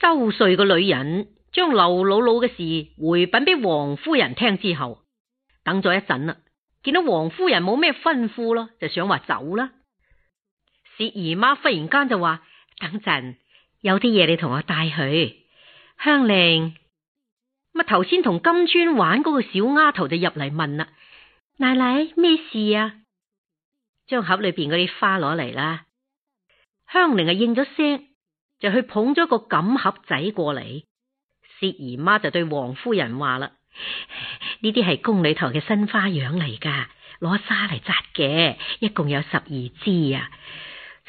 周瑞個女人將劉姥姥嘅事回禀俾王夫人聽之後，等咗一陣啦，見到王夫人冇咩吩咐咯，就想話走啦。薛姨媽忽然間就話：等陣有啲嘢你同我帶去。香菱，乜頭先同金釧玩嗰個小丫頭就入嚟問啦：奶奶咩事啊？將盒裏邊嗰啲花攞嚟啦。香菱啊應咗聲。就去捧咗個錦盒仔過嚟，薛姨媽就對王夫人話啦：呢啲係宮裏頭嘅新花樣嚟噶，攞沙嚟紮嘅，一共有十二支啊！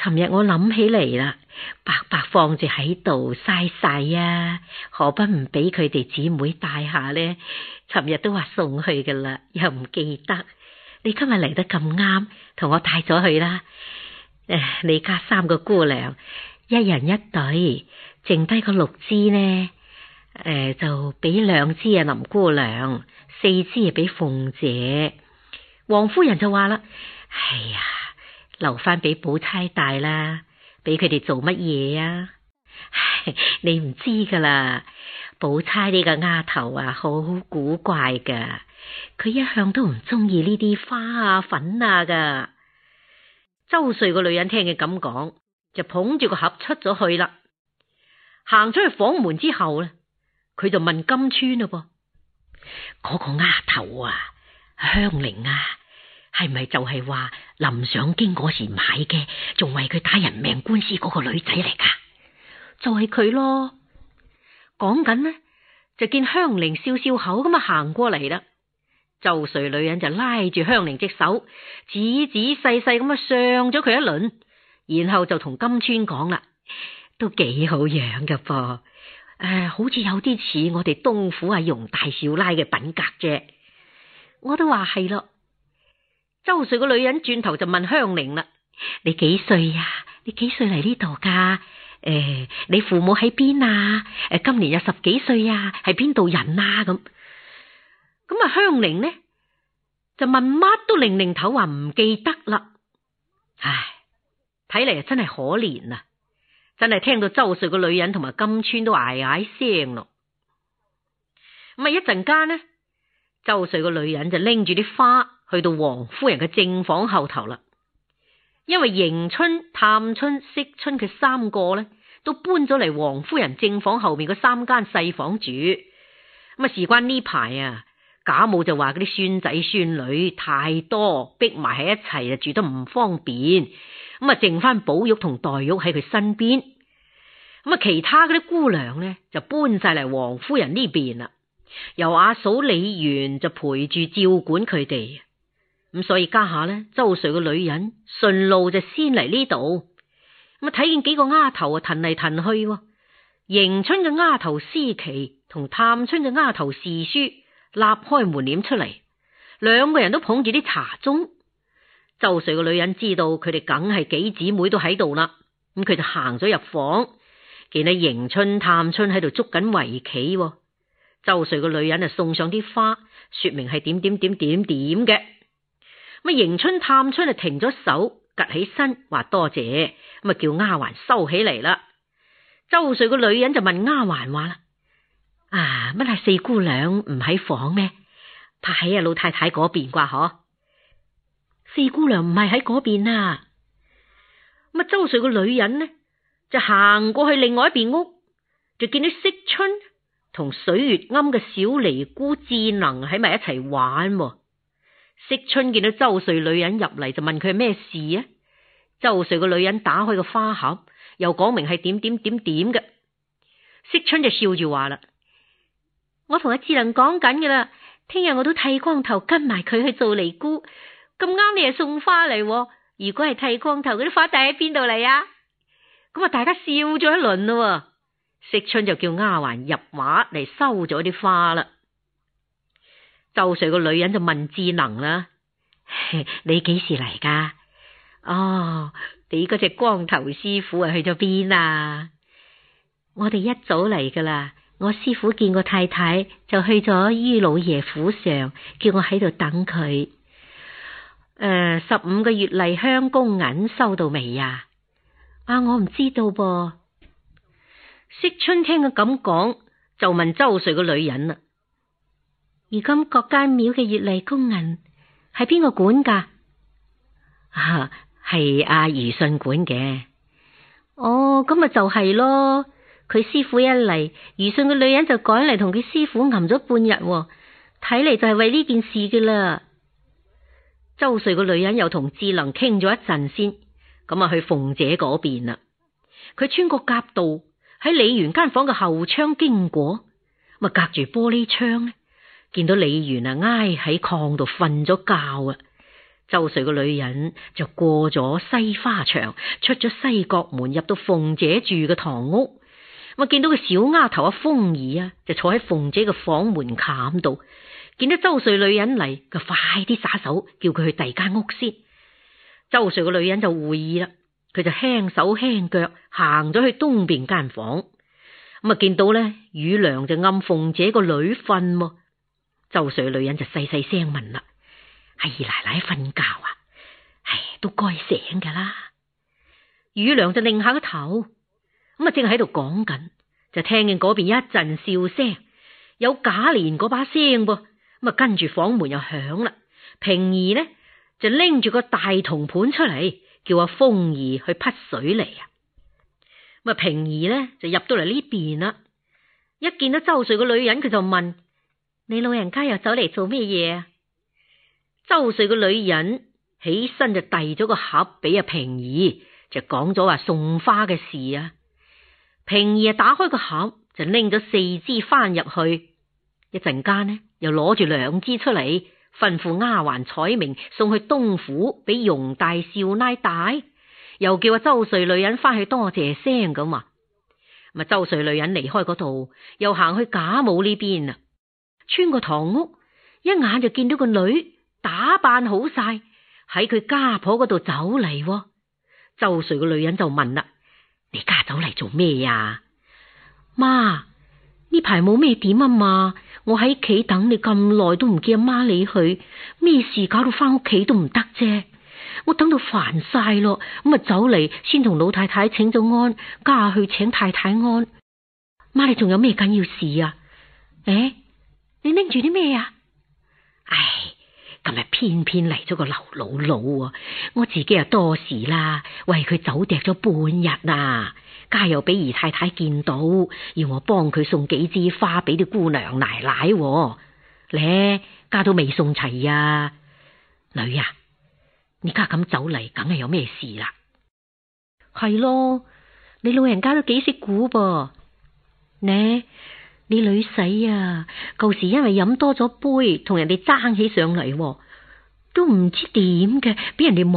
尋日我諗起嚟啦，白白放住喺度嘥晒啊，何不唔俾佢哋姊妹戴下咧？尋日都話送去噶啦，又唔記得，你今日嚟得咁啱，同我帶咗去啦。誒，你家三個姑娘。一人一對，剩低個六支呢？誒、呃，就俾兩支啊，林姑娘四支啊，俾鳳姐。王夫人就話啦：哎呀，留翻俾寶釵帶啦，俾佢哋做乜嘢啊？呀你唔知噶啦，寶釵呢個丫頭啊，好,好古怪噶，佢一向都唔中意呢啲花啊、粉啊噶。周瑞個女人聽佢咁講。就捧住個盒出咗去啦。行出去房門之後咧，佢就問金釧啦：噉嗰個丫頭啊，香菱啊，係咪就係話臨上京嗰時買嘅，仲為佢打人命官司嗰個女仔嚟噶？就係佢咯。講緊呢，就見香菱笑笑口咁啊行過嚟啦。周瑞女人就拉住香菱隻手，仔仔細細咁啊相咗佢一輪。然後就同金川講啦，都幾好樣噶噃，誒、呃，好似有啲似我哋東府阿、啊、容大少奶嘅品格啫。我都話係咯。周瑞個女人轉頭就問香菱啦：，你幾歲呀、啊？你幾歲嚟呢度噶？誒、呃，你父母喺邊啊？誒、呃，今年有十幾歲呀、啊？係邊度人啊？咁咁啊，香菱呢就問乜都擰擰頭話唔記得啦，唉。睇嚟啊，真係可憐啊！真係聽到周瑞個女人同埋金川都嗌嗌聲咯。咁啊，一陣間呢，周瑞個女人就拎住啲花去到王夫人嘅正房後頭啦。因為迎春、探春、惜春佢三個咧都搬咗嚟王夫人正房後邊嗰三間細房住，咁啊，事關呢排啊。賈母就話嗰啲孫仔孫女太多，逼埋喺一齊就住得唔方便，咁啊剩翻寶玉同黛玉喺佢身邊，咁啊其他嗰啲姑娘呢就搬晒嚟王夫人呢邊啦。由阿嫂李紈就陪住照管佢哋，咁所以家下呢，周瑞嘅女人順路就先嚟呢度，咁啊睇見幾個丫頭啊，騰嚟騰去，迎春嘅丫頭司棋同探春嘅丫頭侍書。拉開門簾出嚟，兩個人都捧住啲茶盅。周瑞個女人知道佢哋梗係幾姊妹都喺度啦，咁佢就行咗入房，見到迎春、探春喺度捉緊圍棋。周瑞個女人就送上啲花，說明係點點點點點嘅。咁啊，迎春、探春就停咗手，夾起身話多謝，咁啊叫丫鬟收起嚟啦。周瑞個女人就問丫鬟話啦。啊！乜係四姑娘唔喺房咩？怕喺啊老太太嗰邊啩？嗬！四姑娘唔係喺嗰邊啊！咁啊，周瑞個女人呢，就行過去另外一邊屋，就見到惜春同水月庵嘅小尼姑智能喺埋一齊玩。惜春見到周瑞女人入嚟，就問佢係咩事啊？周瑞個女人打開個花盒，又講明係點點點點嘅。惜春就笑住話啦。我同阿智能講緊噶啦，聽日我都剃光頭跟埋佢去做尼姑。咁啱你又送花嚟，如果係剃光頭嗰啲花戴喺邊度嚟啊？咁啊，大家笑咗一輪咯。惜春就叫丫鬟入畫嚟收咗啲花啦。周瑞個女人就問智能啦： 你幾時嚟噶？哦，你嗰隻光頭師傅啊去咗邊啊？我哋一早嚟噶啦。我師父見過太太，就去咗于老爺府上，叫我喺度等佢。誒、呃，十五個月例香公銀收到未呀？啊，我唔知道噃、啊。惜春聽佢咁講，就問周瑞個女人啦。而今各間廟嘅月例公銀係邊個管噶？啊，係阿余信管嘅。哦，咁咪就係咯。佢師父一嚟，余信個女人就趕嚟同佢師父吟咗半日，睇嚟就係為呢件事嘅啦。周瑞個女人又同智能傾咗一陣先，咁啊去鳳姐嗰邊啦。佢穿過夾道，喺李紈間房嘅後窗經過，咁啊隔住玻璃窗呢，見到李紈啊挨喺炕度瞓咗覺啊。周瑞個女人就過咗西花牆，出咗西角門，入到鳳姐住嘅堂屋。我見到個小丫頭啊，豐兒啊，就坐喺鳳姐嘅房門坎度。見到周瑞女人嚟，就快啲撒手，叫佢去第二間屋先。周瑞個女人就會意啦，佢就輕手輕腳行咗去東邊間房。咁啊，見到咧，雨娘就暗鳳姐個女瞓、啊，周瑞女人就細細聲問啦，係二奶奶瞓覺啊？唉，都該醒噶啦。雨娘就擰下個頭。咁啊！正喺度講緊，就聽見嗰邊一陣笑聲，有賈璉嗰把聲噃。咁啊，跟住房門又響啦。平兒呢就拎住個大銅盤出嚟，叫阿、啊、風兒去匹水嚟啊。咁啊，平兒呢就入到嚟呢邊啦。一見到周瑞個女人，佢就問：你老人家又走嚟做咩嘢？周瑞個女人起身就遞咗個盒俾阿平兒，就講咗話送花嘅事啊。平兒打開個盒，就拎咗四支翻入去。一陣間呢，又攞住兩支出嚟，吩咐丫鬟彩明送去東府俾容大少奶帶。又叫阿周瑞女人翻去多謝聲咁話。咁周瑞女人離開嗰度，又行去賈母呢邊啊，穿過堂屋，一眼就見到個女打扮好晒，喺佢家婆嗰度走嚟。周瑞個女人就問啦。你家走嚟做咩呀？媽，呢排冇咩點啊嘛，我喺企等你咁耐都唔見阿媽你去，咩事搞到翻屋企都唔得啫，我等到煩晒咯，咁啊走嚟先同老太太請咗安，家去請太太安。媽，你仲有咩緊要事啊？誒、欸，你拎住啲咩啊？唉。係咪偏偏嚟咗個劉姥姥啊？我自己又多事啦，喂，佢走趯咗半日啊，家又俾姨太太見到，要我幫佢送幾枝花俾啲姑娘奶奶、啊，咧家都未送齊啊！女啊，你家咁走嚟，梗係有咩事啦？係咯，你老人家都幾識估噃，呢？你女婿啊，舊時因為飲多咗杯，同人哋爭起上嚟，都唔知點嘅，俾人哋誣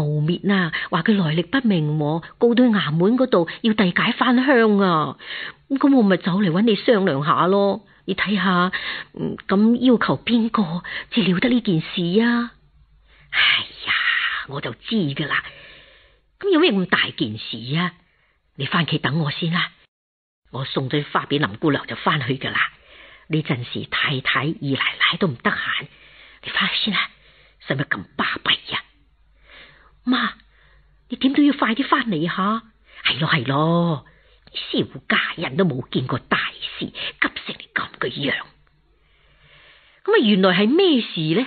衊啊，話佢來歷不明，啊，告到衙門嗰度要遞解返鄉啊！咁、嗯嗯、我咪走嚟揾你商量下咯，你睇下，咁、嗯嗯嗯、要求邊個至了得呢件事啊？哎呀，我就知噶啦，咁有咩咁大件事啊？你翻屋企等我先啦。我送咗啲花俾林姑娘就翻去噶啦。呢陣時太太、二奶奶都唔得閒，你翻去先啦、啊。使乜咁巴閉呀？媽，你點都要快啲翻嚟吓。係咯係咯，少家人都冇見過大事，急成你咁嘅樣。咁啊，原來係咩事呢？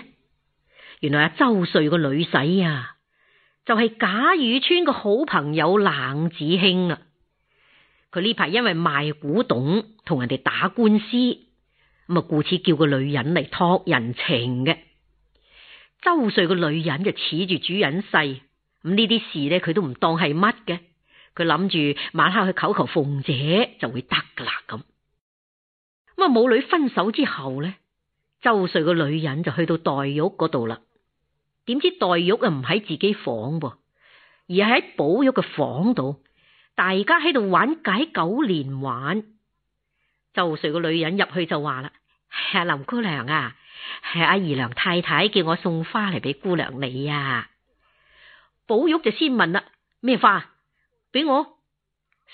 原來阿周瑞個女婿啊，就係、是、賈雨村個好朋友冷子興啊。佢呢排因為賣古董同人哋打官司，咁啊故此叫個女人嚟託人情嘅周瑞個女人就恃住主人勢，咁呢啲事咧佢都唔當係乜嘅。佢諗住晚黑去求求鳳姐就會得噶啦咁。咁啊母女分手之後咧，周瑞個女人就去到黛玉嗰度啦。點知黛玉啊唔喺自己房噃，而係喺寶玉嘅房度。大家喺度玩解九連環，周瑞個女人入去就話啦：阿、啊、林姑娘啊，係阿姨娘太太叫我送花嚟俾姑娘你啊。寶玉就先問啦：咩花、啊？俾我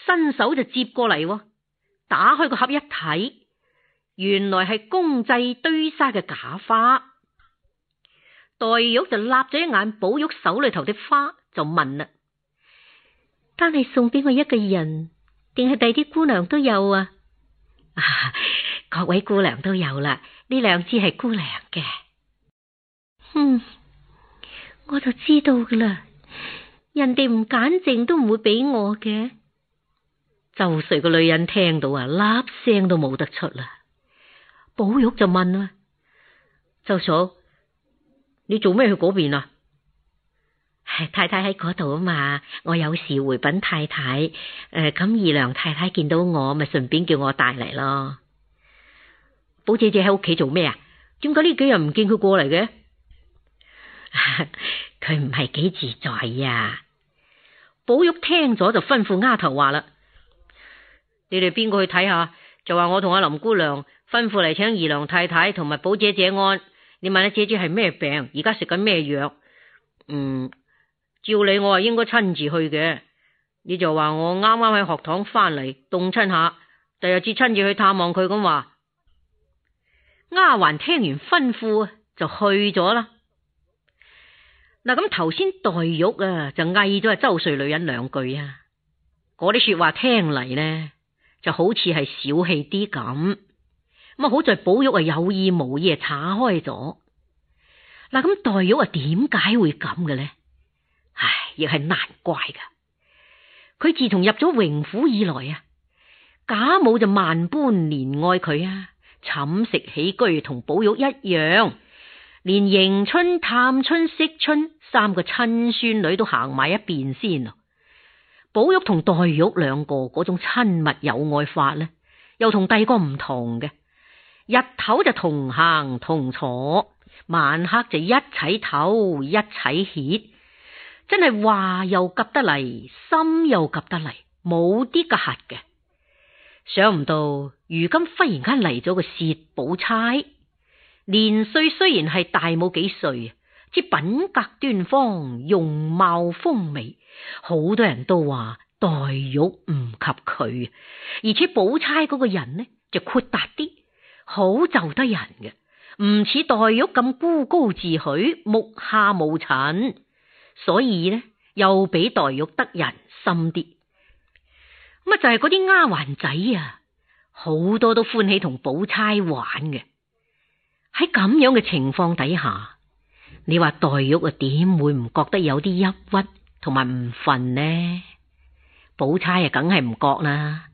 伸手就接過嚟，打開個盒一睇，原來係公製堆沙嘅假花。黛玉就立咗一眼寶玉手裏頭的花，就問啦。翻嚟送俾我一個人，定係第啲姑娘都有啊？各位姑娘都有啦，呢兩支係姑娘嘅。嗯，我就知道噶啦，人哋唔揀剩都唔會俾我嘅。周瑞個女人聽到啊，粒聲都冇得出啦。寶玉就問啦：周嫂，你做咩去嗰邊啊？太太喺嗰度啊嘛，我有事回稟太太。誒、呃，咁二娘太太見到我，咪順便叫我帶嚟咯。寶姐姐喺屋企做咩啊？點解呢幾日唔見佢過嚟嘅？佢唔係幾自在啊！寶玉聽咗就吩咐丫頭話啦：你哋邊個去睇下？就話我同阿林姑娘吩咐嚟，請二娘太太同埋寶姐姐安。你問下姐姐係咩病，而家食緊咩藥？嗯。照理我係應該親自去嘅。你就話我啱啱喺學堂翻嚟，凍親下，第日次親自去探望佢咁話。丫鬟聽完吩咐就去咗啦。嗱咁，頭先黛玉啊就嗌咗周歲女人兩句啊，嗰啲說話聽嚟呢就好似係小氣啲咁。咁啊好在寶玉啊有意無意啊岔開咗。嗱咁黛玉啊點解會咁嘅呢？唉，亦係難怪噶。佢自從入咗榮府以來啊，賈母就萬般憐愛佢啊，寢食起居同寶玉一樣，連迎春、探春、惜春三個親孫女都行埋一邊先咯。寶玉同黛玉兩個嗰種親密友愛法呢，又同第二個唔同嘅，日頭就同行同坐，晚黑就一齊唞一齊歇。真係話又夾得嚟，心又夾得嚟，冇啲個核嘅。想唔到，如今忽然間嚟咗個薛寶釵。年歲雖然係大冇幾歲，之品格端方，容貌豐美，好多人都話黛玉唔及佢。而且寶釵嗰個人呢，就豁達啲，好就得人嘅，唔似黛玉咁孤高自許，目下無塵。所以咧，又比黛玉得人心啲。咪就係嗰啲丫鬟仔啊，好多都歡喜同寶釵玩嘅。喺咁樣嘅情況底下，你話黛玉啊，點會唔覺得有啲抑鬱同埋唔忿呢？寶釵啊，梗係唔覺啦。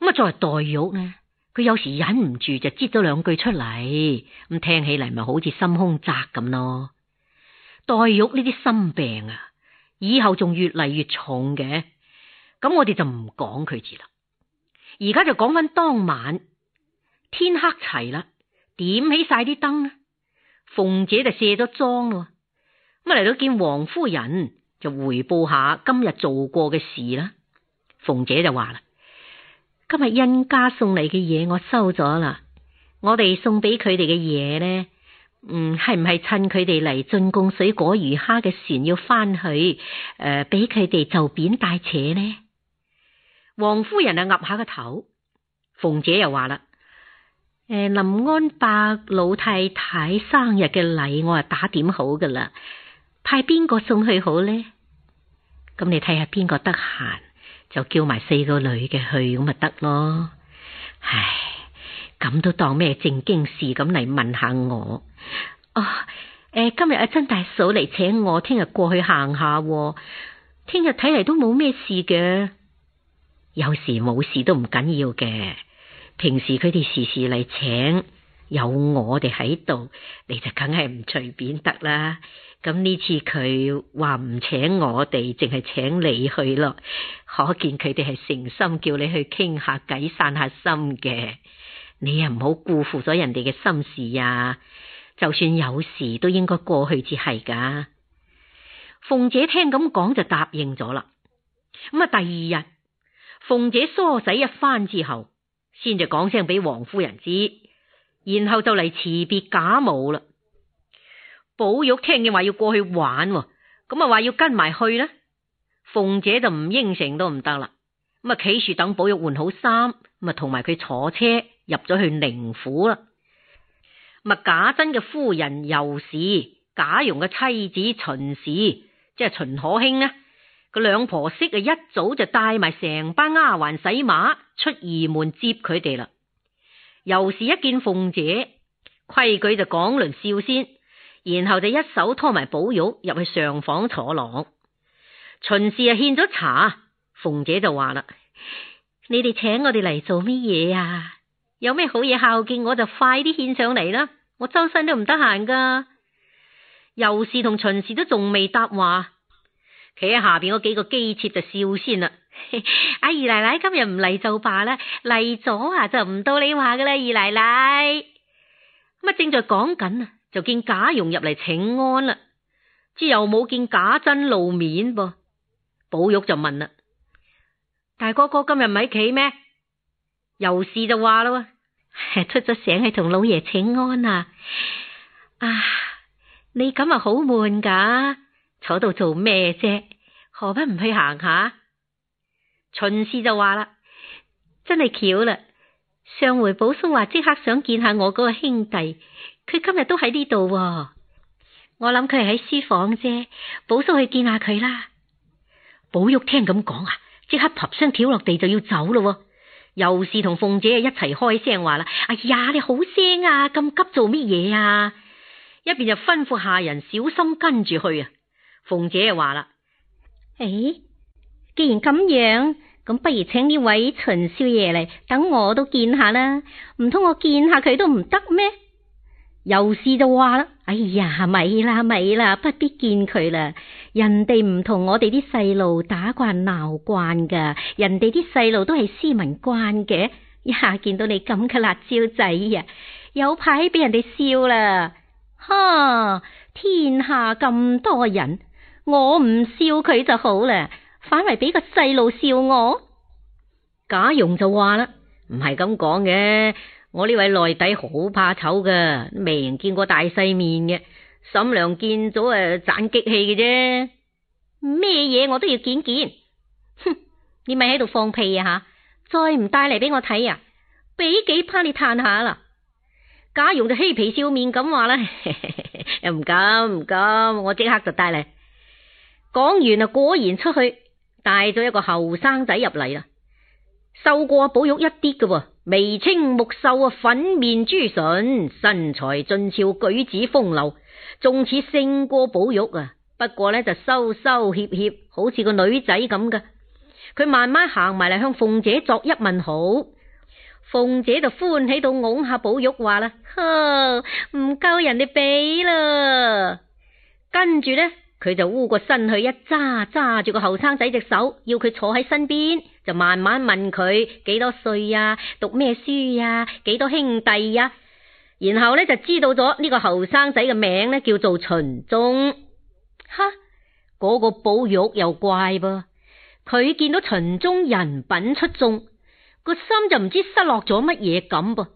咁啊，作為黛玉呢，佢有時忍唔住就接咗兩句出嚟，咁聽起嚟咪好似心胸窄咁咯。黛玉呢啲心病啊，以後仲越嚟越重嘅，咁我哋就唔講佢住啦。而家就講翻當晚天黑齊啦，點起晒啲燈啊。鳳姐就卸咗妝咯，咁嚟到見王夫人就回報下今日做過嘅事啦。鳳姐就話啦：今日甄家送嚟嘅嘢我收咗啦，我哋送俾佢哋嘅嘢咧。嗯，係唔係趁佢哋嚟進貢水果魚蝦嘅船要翻去？誒、呃，俾佢哋就扁帶扯呢？王夫人啊，岌下個頭。鳳姐又話啦：誒、呃，林安伯老太太生日嘅禮，我啊打點好噶啦，派邊個送去好呢？咁你睇下邊個得閒，就叫埋四個女嘅去，咁咪得咯。唉，咁都當咩正經事咁嚟問下我？哦，誒，今日阿曾大嫂嚟請我，聽日過去行下、啊。聽日睇嚟都冇咩事嘅，有時冇事都唔緊要嘅。平時佢哋時時嚟請，有我哋喺度，你就梗係唔隨便得啦。咁呢次佢話唔請我哋，淨係請你去咯，可見佢哋係誠心叫你去傾下偈、散下心嘅。你又唔好辜負咗人哋嘅心事呀、啊。就算有事都應該過去至係噶鳳姐聽咁講就答應咗啦。咁啊，第二日鳳姐梳洗一番之後，先就講聲俾王夫人知，然後就嚟辭別賈母啦。寶玉聽見話要過去玩，咁啊話要跟埋去啦。鳳姐就唔應承都唔得啦。咁啊，企住等寶玉換好衫，咁啊同埋佢坐車入咗去寧府啦。咪賈珍嘅夫人尤氏，賈蓉嘅妻子秦氏，即係秦可卿啊，個兩婆媳啊，一早就帶埋成班丫鬟洗馬出儀門接佢哋啦。尤氏一見鳳姐，規矩就講輪笑先，然後就一手拖埋寶玉入去上房坐落。秦氏啊獻咗茶，鳳姐就話啦：你哋請我哋嚟做乜嘢啊？有咩好嘢孝敬我就快啲獻上嚟啦！我周身都唔得閒噶，尤氏同秦氏都仲未答話，企喺下邊嗰幾個姬妾就笑先啦。阿二奶奶今日唔嚟就罷啦，嚟咗啊就唔到你話噶啦，二奶奶。乜正在講緊啊，就見賈蓉入嚟請安啦，知又冇見賈珍露面噃，寶玉就問啦：大哥哥今日唔喺企咩？尤氏就話啦，出咗醒去同老爺請安啊！啊，你咁啊好悶噶，坐度做咩啫？何不唔去行下？秦氏就話啦，真係巧啦！上回寶叔話即刻想見下我嗰個兄弟，佢今日都喺呢度，我諗佢係喺書房啫，寶叔去見下佢啦。寶玉聽咁講啊，即刻啪聲跳落地就要走咯啊。又是，同鳳姐一齊開聲話啦，哎呀你好聲啊，咁急做乜嘢啊？一邊就吩咐下人小心跟住去啊。鳳姐就話啦：誒、哎，既然咁樣，咁不如請呢位秦少爺嚟等我都見下啦，唔通我見下佢都唔得咩？有事就話啦，哎呀，咪啦咪啦，不必見佢啦。人哋唔同我哋啲細路打慣鬧慣噶，人哋啲細路都係斯文慣嘅，一下見到你咁嘅辣椒仔啊，有排俾人哋笑啦。哈，天下咁多人，我唔笑佢就好啦，反為俾個細路笑我。賈蓉就話啦，唔係咁講嘅。我呢位內弟好怕醜噶，未人見過大世面嘅，嬸娘見咗誒，盞、呃、激氣嘅啫。咩嘢我都要見見，哼！你咪喺度放屁啊吓！再唔帶嚟俾我睇啊，俾幾趴你嘆下啦。賈蓉就嬉皮笑面咁話啦，又唔敢唔敢，我即刻就帶嚟。講完啊，果然出去帶咗一個後生仔入嚟啦，瘦過寶玉一啲㗎喎。眉清目秀啊，粉面朱唇，身材俊俏，舉止風流，仲似勝過寶玉啊！不過咧，就羞羞怯怯，好似個女仔咁噶。佢慢慢行埋嚟，向鳳姐作一問好，鳳姐就歡喜到拱下寶玉話啦：「呵，唔夠人哋俾啦！」跟住咧。佢就烏個身去一揸，揸住個後生仔隻手，要佢坐喺身邊，就慢慢問佢幾多歲啊，讀咩書啊，幾多兄弟啊，然後咧就知道咗呢個後生仔嘅名咧叫做秦鍾。哈，嗰個寶玉又怪噃，佢見到秦鍾人品出眾，個心就唔知失落咗乜嘢咁噃，呆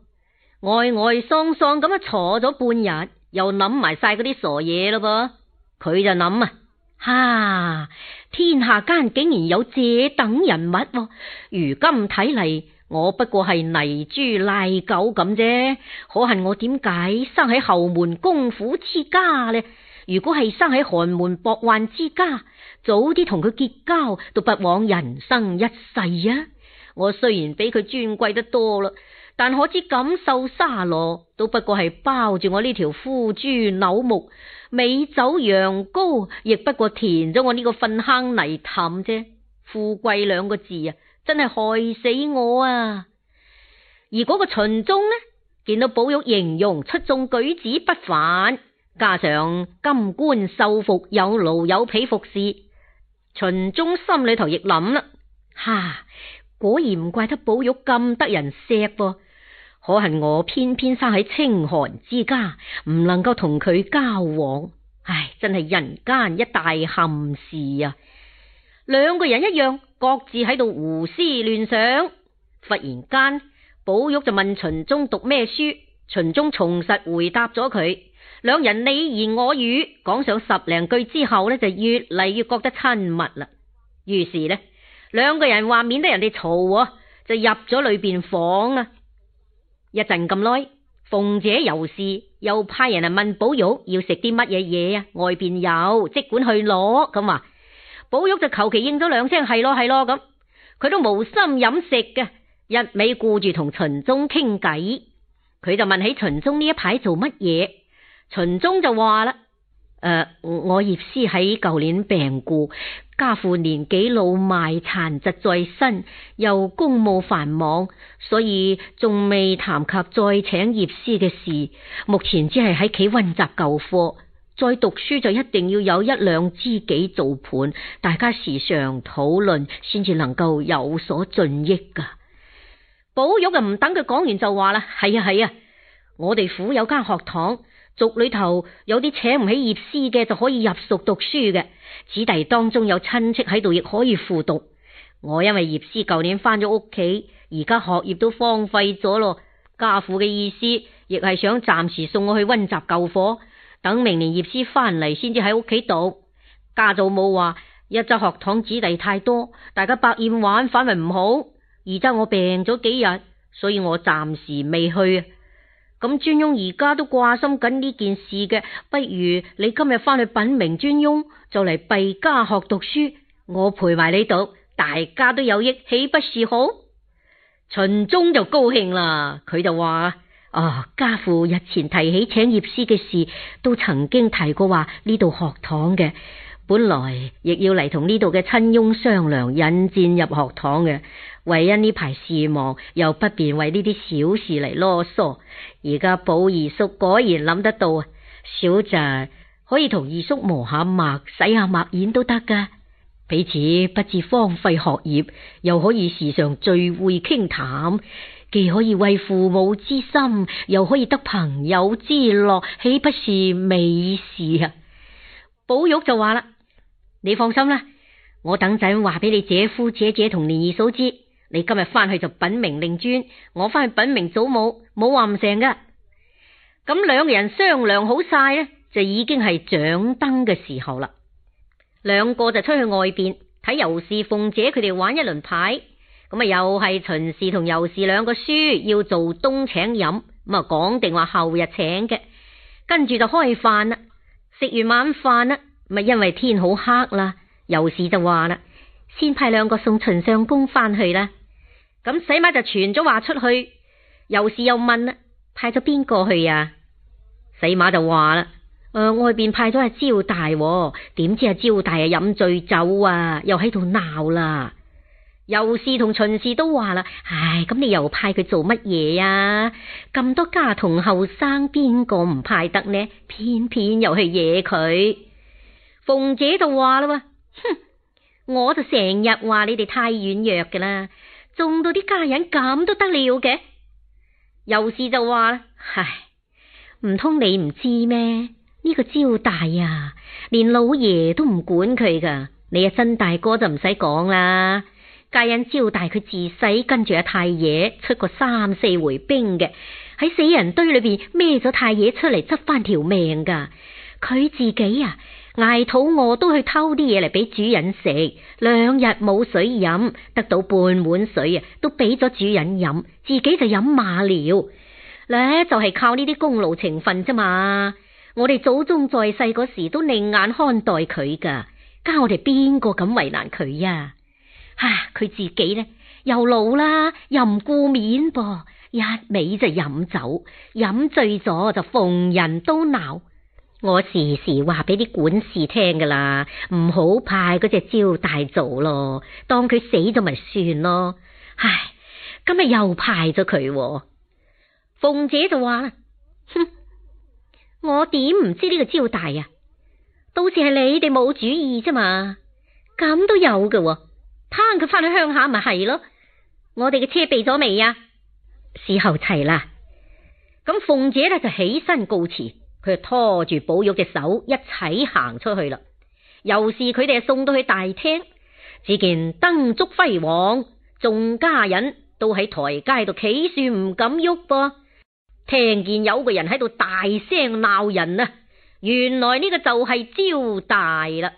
呆喪喪咁樣坐咗半日，又諗埋晒嗰啲傻嘢咯噃。佢就諗啊，哈、啊！天下間竟然有這等人物，啊，如今睇嚟，我不過係泥豬賴狗咁啫。可恨我點解生喺侯門公府之家呢？如果係生喺寒門薄宦之家，早啲同佢結交，都不枉人生一世啊！我雖然比佢尊貴得多啦，但可知錦繡紗羅都不過係包住我呢條枯株朽木。美酒羊羔，亦不過填咗我呢個糞坑泥凼啫。富貴兩個字啊，真係害死我啊！而嗰個秦鐘呢，見到寶玉形容出眾，舉止不凡，加上金冠繡服，有奴有婢服侍，秦鐘心裏頭亦諗啦：哈、啊，果然唔怪得寶玉咁得人錫啵、啊。可恨我偏偏生喺清寒之家，唔能夠同佢交往。唉，真係人間一大憾事啊！兩個人一樣，各自喺度胡思亂想。忽然間，寶玉就問秦鐘讀咩書，秦鐘從實回答咗佢。兩人你言我語，講上十零句之後呢，就越嚟越覺得親密啦。於是呢，兩個人話免得人哋嘈，就入咗裏邊房啊。一陣咁耐，鳳姐有事，又派人嚟問寶玉要食啲乜嘢嘢啊？外邊有，即管去攞。咁話寶玉就求其應咗兩聲，係咯係咯咁。佢都無心飲食嘅，一味顧住同秦鐘傾偈。佢就問起秦鐘呢一排做乜嘢，秦鐘就話啦。誒、呃，我業師喺舊年病故，家父年紀老邁，殘疾在身，又公務繁忙，所以仲未談及再請業師嘅事。目前只係喺屋企溫習舊課，再讀書就一定要有一兩知己做伴，大家時常討論，先至能夠有所進益噶。寶玉啊，唔等佢講完就話啦，係啊係啊，我哋府有間學堂。族裏頭有啲請唔起業師嘅，就可以入塾讀書嘅，子弟當中有親戚喺度亦可以附讀。我因為業師舊年翻咗屋企，而家學業都荒廢咗咯。家父嘅意思亦係想暫時送我去溫習舊課，等明年業師翻嚟先至喺屋企讀。家祖母話，一則學堂子弟太多，大家百厭玩，反為唔好；二則我病咗幾日，所以我暫時未去啊。咁尊翁而家都掛心緊呢件事嘅，不如你今日翻去稟明尊翁，就嚟閉家學讀書，我陪埋你讀，大家都有益，豈不是好？秦鐘就高興啦，佢就話：，啊，家父日前提起請業師嘅事，都曾經提過話呢度學堂嘅，本來亦要嚟同呢度嘅親翁商量引薦入學堂嘅。為因呢排事忙，又不便為呢啲小事嚟囉嗦。而家寶二叔果然諗得到啊，小侄可以同二叔磨下墨、洗下墨硯都得噶。彼此不致荒廢學業，又可以時常聚會傾談，談，既可以為父母之心，又可以得朋友之樂，豈不是美事啊？寶玉就話啦：，你放心啦，我等陣話俾你姐夫、姐姐同璉二嫂知。你今日翻去就品茗令尊，我翻去品茗祖母，冇話唔成噶。咁兩個人商量好晒咧，就已經係掌燈嘅時候啦。兩個就出去外邊睇尤氏鳳姐佢哋玩一輪牌，咁啊又係秦氏同尤氏兩個輸，要做東請飲，咁啊講定話後日請嘅。跟住就開飯啦，食完晚飯啦，咪因為天好黑啦，尤氏就話啦。先派兩個送秦相公返去啦，咁死馬就傳咗話出去，尤氏又問啦，派咗邊個去啊？死馬就話啦，誒、呃，外邊派咗阿招大，點知阿招大啊飲、啊、醉酒啊，又喺度鬧啦。尤氏同秦氏都話啦，唉，咁你又派佢做乜嘢啊？咁多家僮後生邊個唔派得呢？偏偏又去惹佢，鳳姐就話啦，哼。我就成日話你哋太軟弱噶啦，縱到啲家人咁都得了嘅。尤氏就話：，唉，唔通你唔知咩？呢、這個招大啊，連老爺都唔管佢噶。你阿、啊、珍大哥就唔使講啦，家人招大，佢自細跟住阿太爺出過三四回兵嘅，喺死人堆裏邊孭咗太爺出嚟，執翻條命噶。佢自己啊。挨肚餓都去偷啲嘢嚟俾主人食，兩日冇水飲，得到半碗水啊，都俾咗主人飲，自己就飲馬尿。咧就係、是、靠呢啲功勞情分啫嘛。我哋祖宗在世嗰時都另眼看待佢噶，加我哋邊個咁為難佢呀、啊？吓，佢自己呢，又老啦，又唔顧面噃，一味就飲酒，飲醉咗就逢人都鬧。我時時話俾啲管事聽噶啦，唔好派嗰隻招大做咯，當佢死咗咪算咯。唉，咁咪又派咗佢。鳳姐就話啦：哼，我點唔知呢個招大啊？到時係你哋冇主意啫嘛，咁都有噶。攀佢翻去鄉下咪係咯。我哋嘅車備咗未啊？時候齊啦。咁鳳姐咧就起身告辭。佢拖住寶玉隻手一齊行出去啦，又是佢哋送到去大廳，只見燈燭輝煌，眾家人都喺台階度企住唔敢喐噃，聽見有個人喺度大聲鬧人啊！原來呢個就係焦大啦。